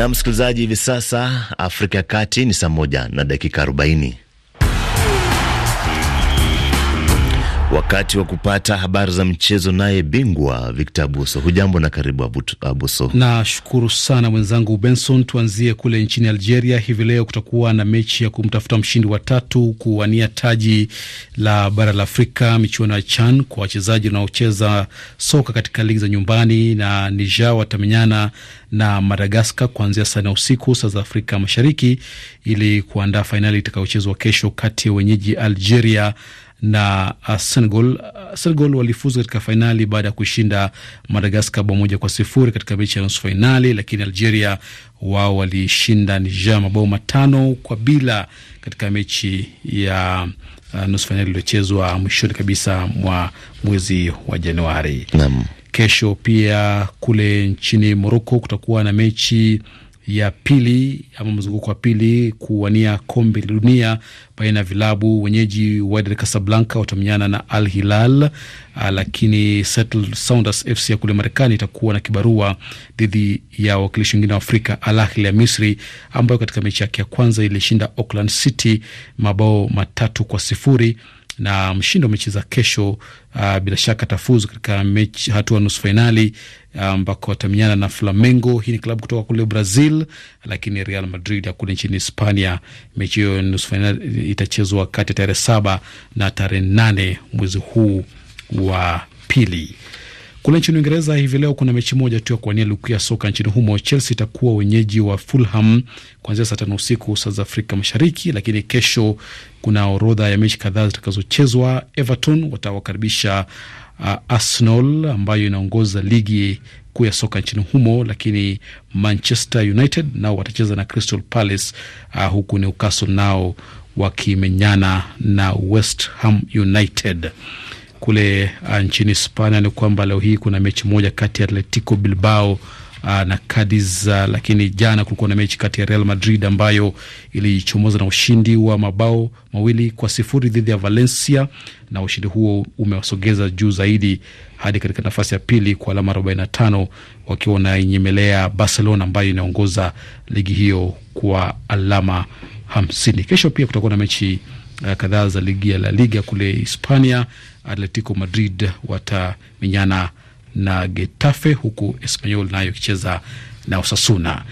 Na msikilizaji, hivi sasa Afrika ya Kati ni saa moja na dakika arobaini. Wakati wa kupata habari za mchezo, naye bingwa Victor Abuso. Hujambo na karibu Abuso. Nashukuru sana mwenzangu Benson. Tuanzie kule nchini Algeria. Hivi leo kutakuwa na mechi ya kumtafuta mshindi wa tatu kuwania taji la bara la Afrika, michuano ya CHAN kwa wachezaji wanaocheza soka katika ligi za nyumbani, na Niger watamenyana na Madagaskar kuanzia saa nne usiku saa za Afrika Mashariki, ili kuandaa fainali itakayochezwa kesho kati ya wenyeji Algeria na uh, Senegal. Uh, Senegal walifuzu katika fainali baada ya kuishinda Madagaskar bao moja kwa sifuri katika mechi ya nusu fainali, lakini Algeria wao walishinda Niger mabao matano kwa bila katika mechi ya uh, nusu fainali iliyochezwa mwishoni kabisa mwa mwezi wa Januari. Naam. Kesho pia kule nchini Morocco kutakuwa na mechi ya pili ama mzunguko wa pili kuwania kombe la dunia baina ya vilabu wenyeji Wydad Casablanca watamenyana na Al Hilal, ah, lakini Seattle Sounders FC ya kule Marekani itakuwa na kibarua dhidi ya wakilishi wengine wa Afrika Al Ahly ya Misri, ambayo katika mechi yake ya kwanza ilishinda Auckland City mabao matatu kwa sifuri na mshindi wa mechi za kesho uh, bila shaka tafuzu katika mechi hatua nusu fainali ambako watamenyana na Flamengo. Hii ni klabu kutoka kule Brazil, lakini Real Madrid ya kule nchini Hispania. Mechi hiyo nusu fainali itachezwa kati ya tarehe saba na tarehe nane mwezi huu wa pili. Kule nchini Uingereza hivi leo kuna mechi moja tu ya kuwania lukuu ya soka nchini humo. Chelsea itakuwa wenyeji wa Fulham kuanzia saa tano usiku saa za Afrika Mashariki, lakini kesho kuna orodha ya mechi kadhaa zitakazochezwa. Everton watawakaribisha uh, Arsenal ambayo inaongoza ligi kuu ya soka nchini humo, lakini Manchester United nao watacheza na Crystal Palace uh, huku Newcastle nao wakimenyana na West Ham United. Kule uh, nchini Hispania ni kwamba leo hii kuna mechi moja kati ya Atletico Bilbao Ah, na Cadiz ah, lakini jana kulikuwa na mechi kati ya Real Madrid ambayo ilichomoza na ushindi wa mabao mawili kwa sifuri dhidi ya Valencia, na ushindi huo umewasogeza juu zaidi hadi katika nafasi ya pili kwa alama 45 wakiwa wanainyemelea Barcelona ambayo inaongoza ligi hiyo kwa alama 50. Kesho pia kutakuwa na mechi Uh, kadhaa za ligi ya La Liga kule Hispania. Atletico Madrid watamenyana na Getafe, huku Espanyol nayo ikicheza na Osasuna.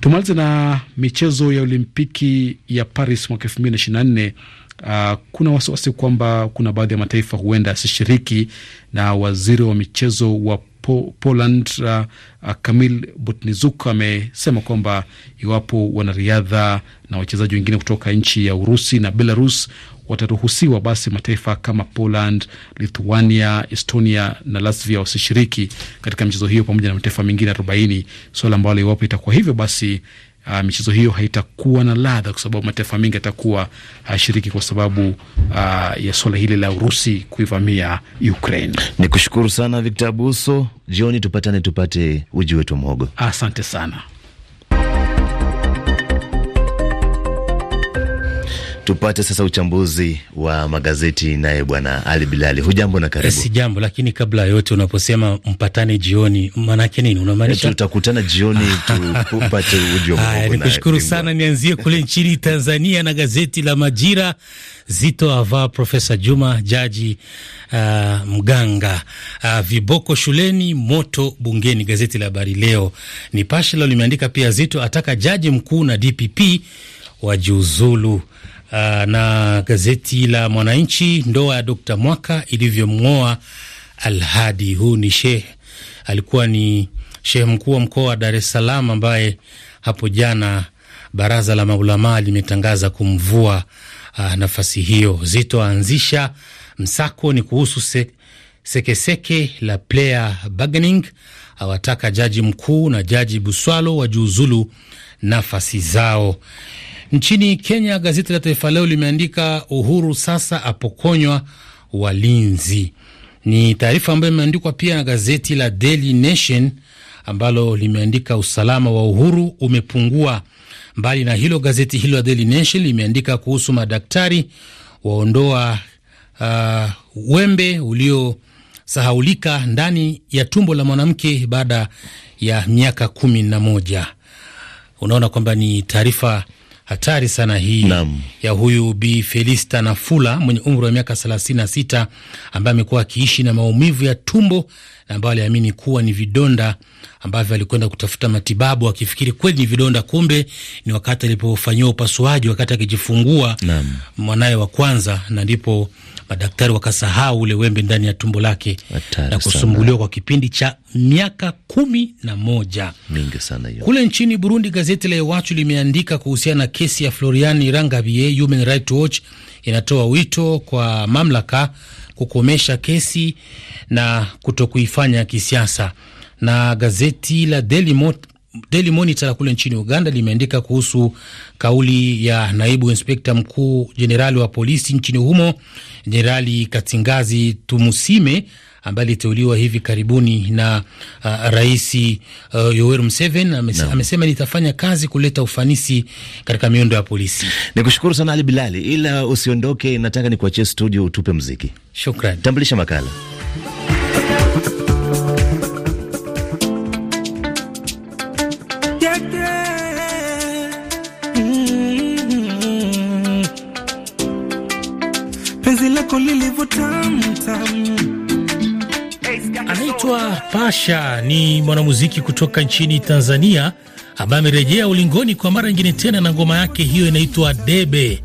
Tumalize na michezo ya Olimpiki ya Paris mwaka elfu mbili na ishirini na nne. Uh, kuna wasiwasi kwamba kuna baadhi ya mataifa huenda asishiriki, na waziri wa michezo wa po Poland uh, uh, Kamil Botnizuk amesema kwamba iwapo wanariadha na wachezaji wengine kutoka nchi ya Urusi na Belarus wataruhusiwa, basi mataifa kama Poland, Lithuania, Estonia na Latvia wasishiriki katika michezo hiyo pamoja na mataifa mengine arobaini, swala ambalo iwapo itakuwa hivyo basi Uh, michezo hiyo haitakuwa na ladha kwa sababu mataifa mengi yatakuwa hashiriki uh, kwa sababu uh, ya swala hili la Urusi kuivamia Ukraine. kushukuru sana Victor Abuso, jioni tupatane tupate uji wetu mhogo. Asante sana. Tupate sasa uchambuzi wa magazeti naye bwana Ali Bilali. Hujambo na karibu. Eh, si jambo, lakini kabla ya yote, unaposema mpatane jioni, maana yake nini? Unamaanisha eh, tutakutana jioni tupate ujio mkubwa. Nikushukuru sana, nianzie kule nchini Tanzania na gazeti la Majira. Zito avaa Profesa Juma, jaji uh, mganga uh, viboko shuleni, moto bungeni. Gazeti la Habari Leo ni leo limeandika pia, Zito ataka jaji mkuu na DPP wajiuzulu uh, na gazeti la Mwananchi, ndoa ya Dkt Mwaka ilivyomng'oa Alhadi. Huu ni sheh alikuwa ni shehe mkuu wa mkoa wa Dar es Salaam ambaye hapo jana baraza la maulamaa limetangaza kumvua uh, nafasi hiyo. Zito aanzisha msako ni kuhusu se, sekeseke la player bargaining, awataka jaji mkuu na jaji Buswalo wajiuzulu nafasi zao. Nchini Kenya, gazeti la Taifa Leo limeandika Uhuru sasa apokonywa walinzi. Ni taarifa ambayo imeandikwa pia na gazeti la Daily Nation ambalo limeandika usalama wa Uhuru umepungua. Mbali na hilo, gazeti hilo la Daily Nation limeandika kuhusu madaktari waondoa uh, wembe uliosahaulika ndani ya tumbo la mwanamke baada ya miaka kumi na moja. Unaona kwamba ni taarifa hatari sana hii Naam. ya huyu Bi Felista Nafula mwenye umri wa miaka 36 ambaye amekuwa akiishi na maumivu ya tumbo na ambayo aliamini kuwa ni vidonda ambavyo alikwenda kutafuta matibabu akifikiri kweli ni vidonda, kumbe ni wakati alipofanyiwa upasuaji wakati akijifungua mwanaye wa kwanza, na ndipo madaktari wakasahau ule wembe ndani ya tumbo lake na kusumbuliwa kwa kipindi cha miaka kumi na moja. Mingi sana hiyo. Kule nchini Burundi, gazeti la Iwachu limeandika kuhusiana na kesi ya Florian Irangabie. Human Rights Watch inatoa wito kwa mamlaka kukomesha kesi na kutokuifanya kisiasa na gazeti la Daily Daily Monitor kule nchini Uganda limeandika kuhusu kauli ya naibu inspekta mkuu jenerali wa polisi nchini humo, Jenerali Katingazi Tumusime ambaye aliteuliwa hivi karibuni na uh, Rais uh, Yoweri Museveni amese, no. amesema nitafanya kazi kuleta ufanisi katika miundo ya polisi. Nikushukuru sana Ali Bilali, ila usiondoke, nataka nikuachie studio utupe mziki. Shukran. Tambulisha makala Anaitwa Pasha, ni mwanamuziki kutoka nchini Tanzania ambaye amerejea ulingoni kwa mara nyingine tena na ngoma yake hiyo inaitwa Debe.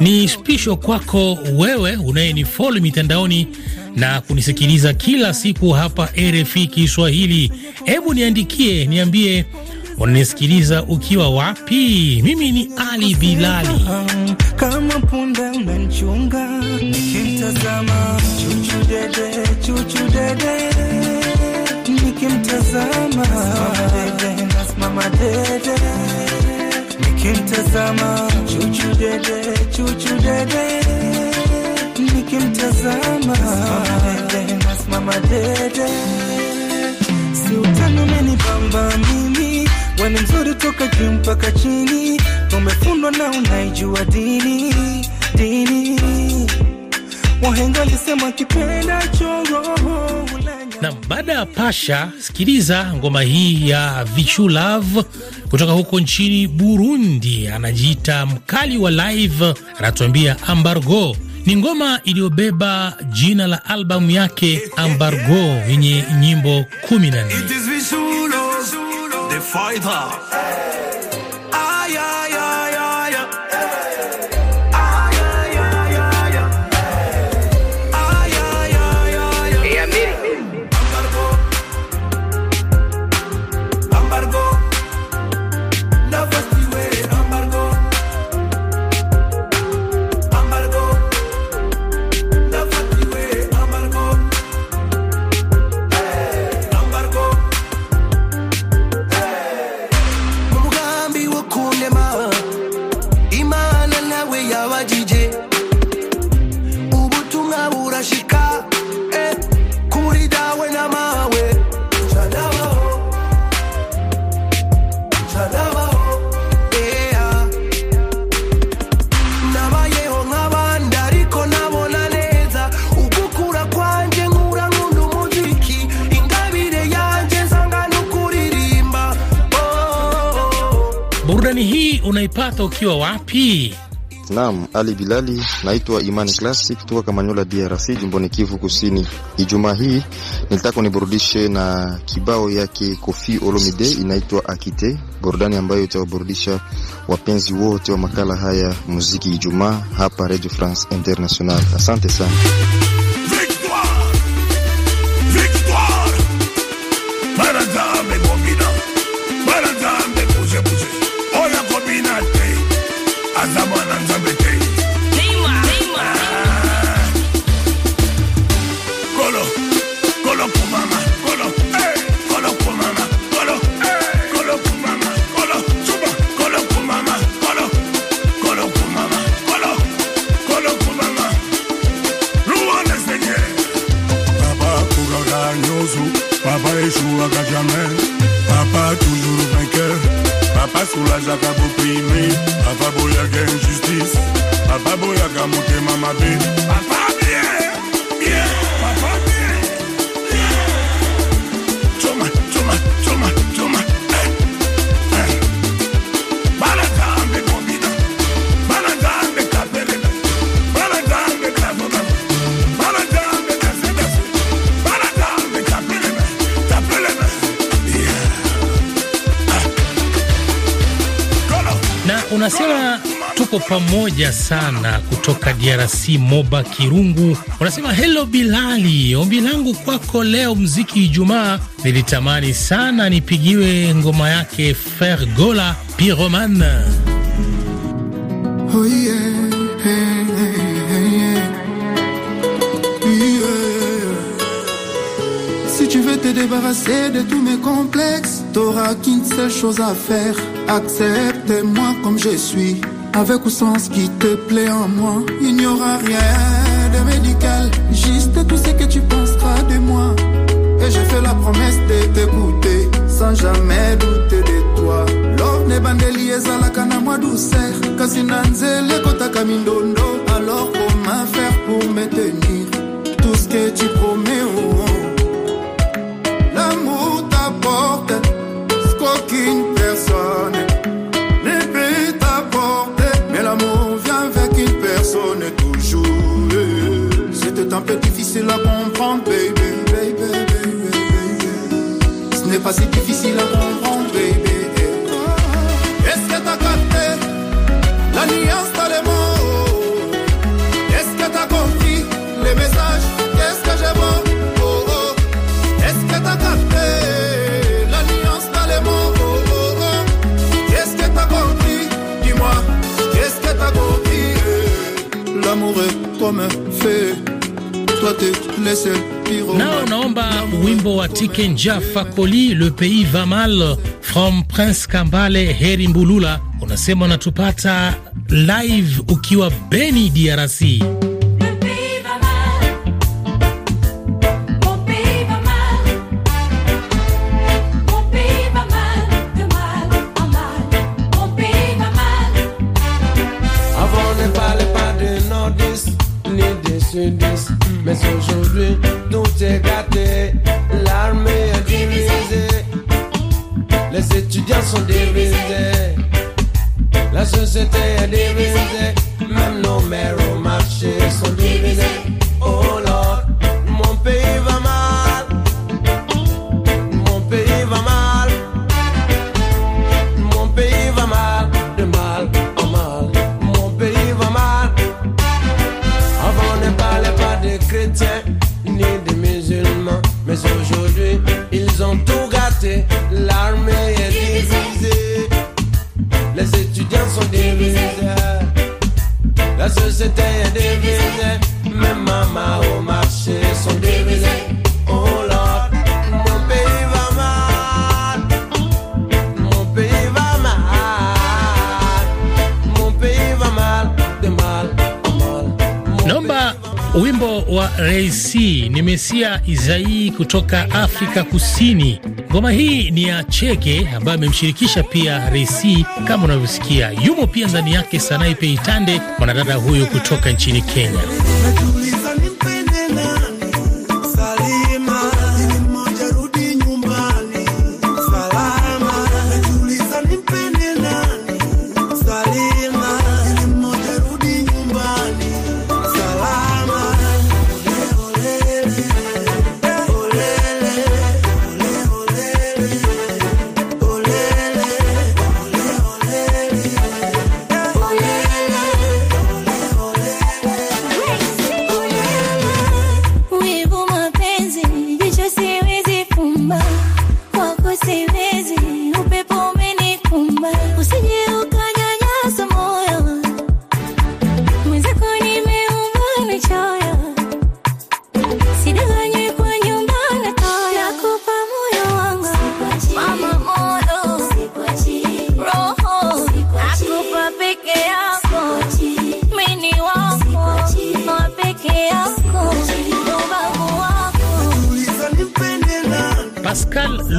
Ni spisho kwako wewe unayenifollow mitandaoni na kunisikiliza kila siku hapa RFI Kiswahili. Hebu niandikie, niambie unanisikiliza ukiwa wapi? Mimi ni Ali Bilali. Kama punda unanichunga nikimtazama, chuchu dede, chuchu dede, nikimtazama mama dede, nikimtazama chuchu dede, chuchu dede, nikimtazama mama dede, si utani umenibamba mimi we mzuri toka juu mpaka chini, umefundwa na unaijua dini dini. Wahenga walisema kipenda choroho na baada ya Pasha, sikiliza ngoma hii ya Vichu Love kutoka huko nchini Burundi. Anajiita mkali wa live, anatuambia ambargo ni ngoma iliyobeba jina la albamu yake Ambargo yenye nyimbo kumi na nne. Fighter。Burudani hii unaipata ukiwa wapi? Naam, Ali Bilali, naitwa Imani Classic kutoka Kamanyola, DRC, jumboni Kivu Kusini. Ijumaa hii nilitaka niburudishe na kibao yake Kofi Olomide inaitwa Akite, burudani ambayo itawaburudisha wapenzi wote wa makala haya muziki Ijumaa hapa Radio France International. Asante sana. wanasema tuko pamoja sana kutoka DRC. Moba Kirungu unasema helo Bilali, ombi langu kwako leo mziki Ijumaa, nilitamani sana nipigiwe ngoma yake Fergola Piroman. Oh yeah, yeah, yeah. Si tu veux te débarrasser de tous mes complexes T'auras qu'une seule chose à faire, accepte-moi comme je suis. Avec ou sans ce qui te plaît en moi, il n'y aura rien de médical, juste tout ce que tu penseras de moi. Et je fais la promesse de t'écouter, sans jamais douter de toi. Love ne la ezalaka à la douceur, kasi douceur. Alors comment faire pour me tenir tout ce que tu promets au oh, oh. looking Nao unaomba wimbo wa Tikenja Fakoli, Le Pays Va Mal from Prince Kambale Heri Mbulula, unasema unatupata live ukiwa Beni, DRC. La société est divisée, même nos mères au marché sont Raisi Naomba wimbo wa Reisi ni Mesia izai kutoka Afrika Kusini. Ngoma hii ni ya Cheke ambayo amemshirikisha pia Reisi kama unavyosikia, yumo pia ndani yake Sanai Peitande, mwanadada huyu kutoka nchini Kenya.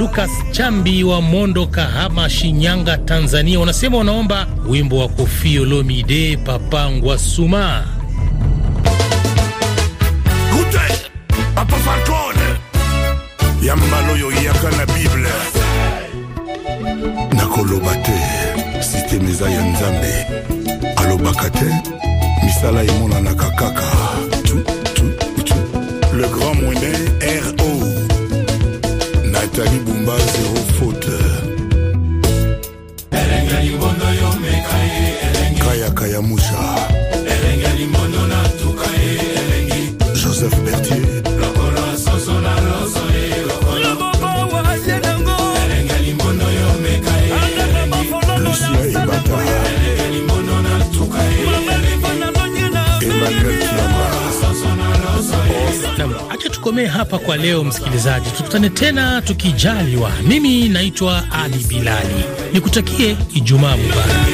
Lucas Chambi wa Mondo, Kahama, Shinyanga, Tanzania, wanasema wanaomba wimbo wa kofi Olomide Papangwa Suma. yambala oyo eyaka na bible nakoloba te sisteme eza ya nzambe alobaka te misala emonanaka kaka tu, tu, tu. le grand mwene Tani Bumba 0 acha tukomee hapa kwa leo, msikilizaji, tukutane tena tukijaliwa. Mimi naitwa Ali Bilali, nikutakie Ijumaa mubarak.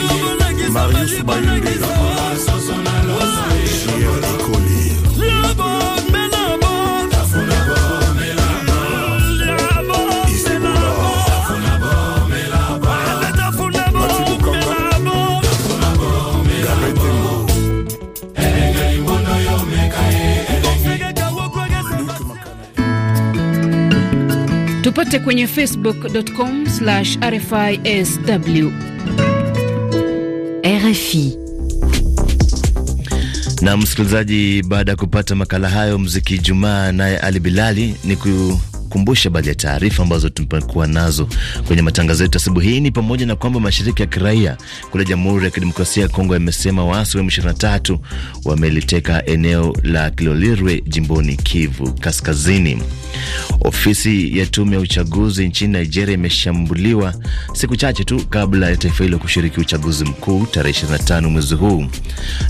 Tupate kwenye facebook.com RFISW. RFI na msikilizaji, baada ya kupata makala hayo mziki Jumaa, naye Ali Bilali ni ku kukumbusha baadhi ya taarifa ambazo tumekuwa nazo kwenye matangazo yetu asubuhi hii. Ni pamoja na kwamba mashirika ya kiraia kule Jamhuri ya Kidemokrasia ya Kongo yamesema waasi wa M23 wameliteka eneo la Kilolirwe jimboni Kivu Kaskazini. Ofisi ya tume ya uchaguzi nchini Nigeria imeshambuliwa siku chache tu kabla ya taifa hilo kushiriki uchaguzi mkuu tarehe 25 mwezi huu.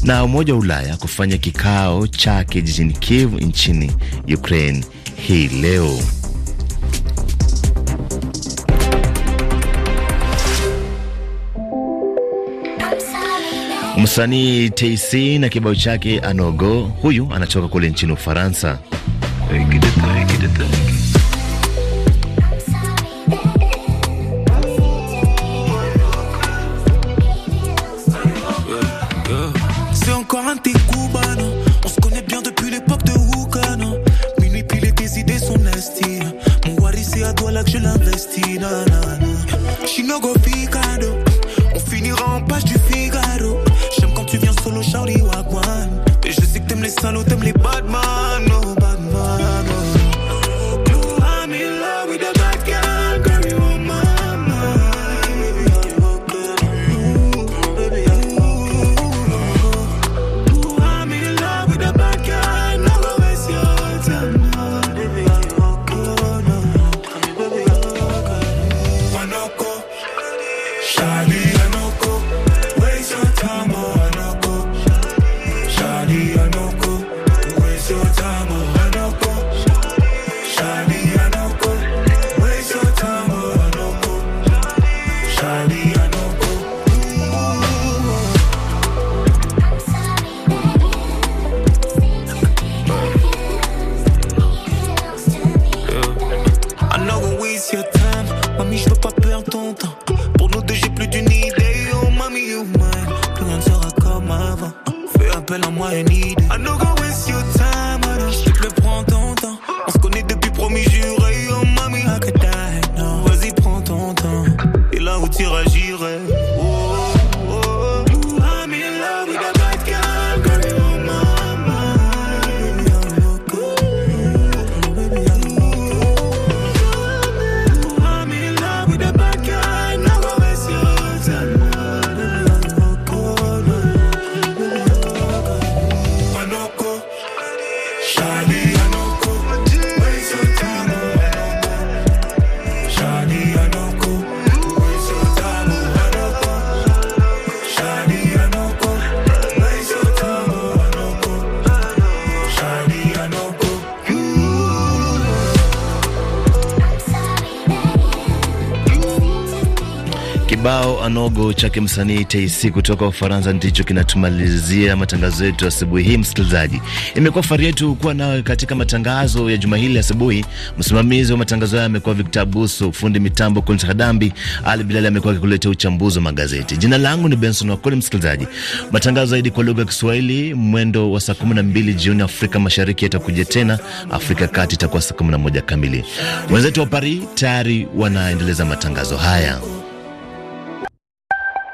Na Umoja wa Ulaya kufanya kikao chake jijini Kiev nchini Ukraine hii leo. Msanii TC na kibao chake Anogo, huyu anatoka kule nchini Ufaransa. Kibao anogo chake msanii Teisi kutoka Ufaransa ndicho kinatumalizia matangazo yetu asubuhi hii. Msikilizaji, imekuwa fahari yetu kuwa nawe katika matangazo ya juma hili asubuhi. Msimamizi wa matangazo haya amekuwa Victor Buso, fundi mitambo Collins Hadambi, Ali Bilali amekuwa akikuletea uchambuzi wa magazeti. Jina langu ni Benson Wakoli. Msikilizaji, matangazo zaidi kwa lugha ya Kiswahili mwendo wa saa kumi na mbili jioni Afrika Mashariki yatakuja tena, Afrika Kati itakuwa saa kumi na moja kamili. Wenzetu wa Paris tayari wanaendeleza matangazo haya.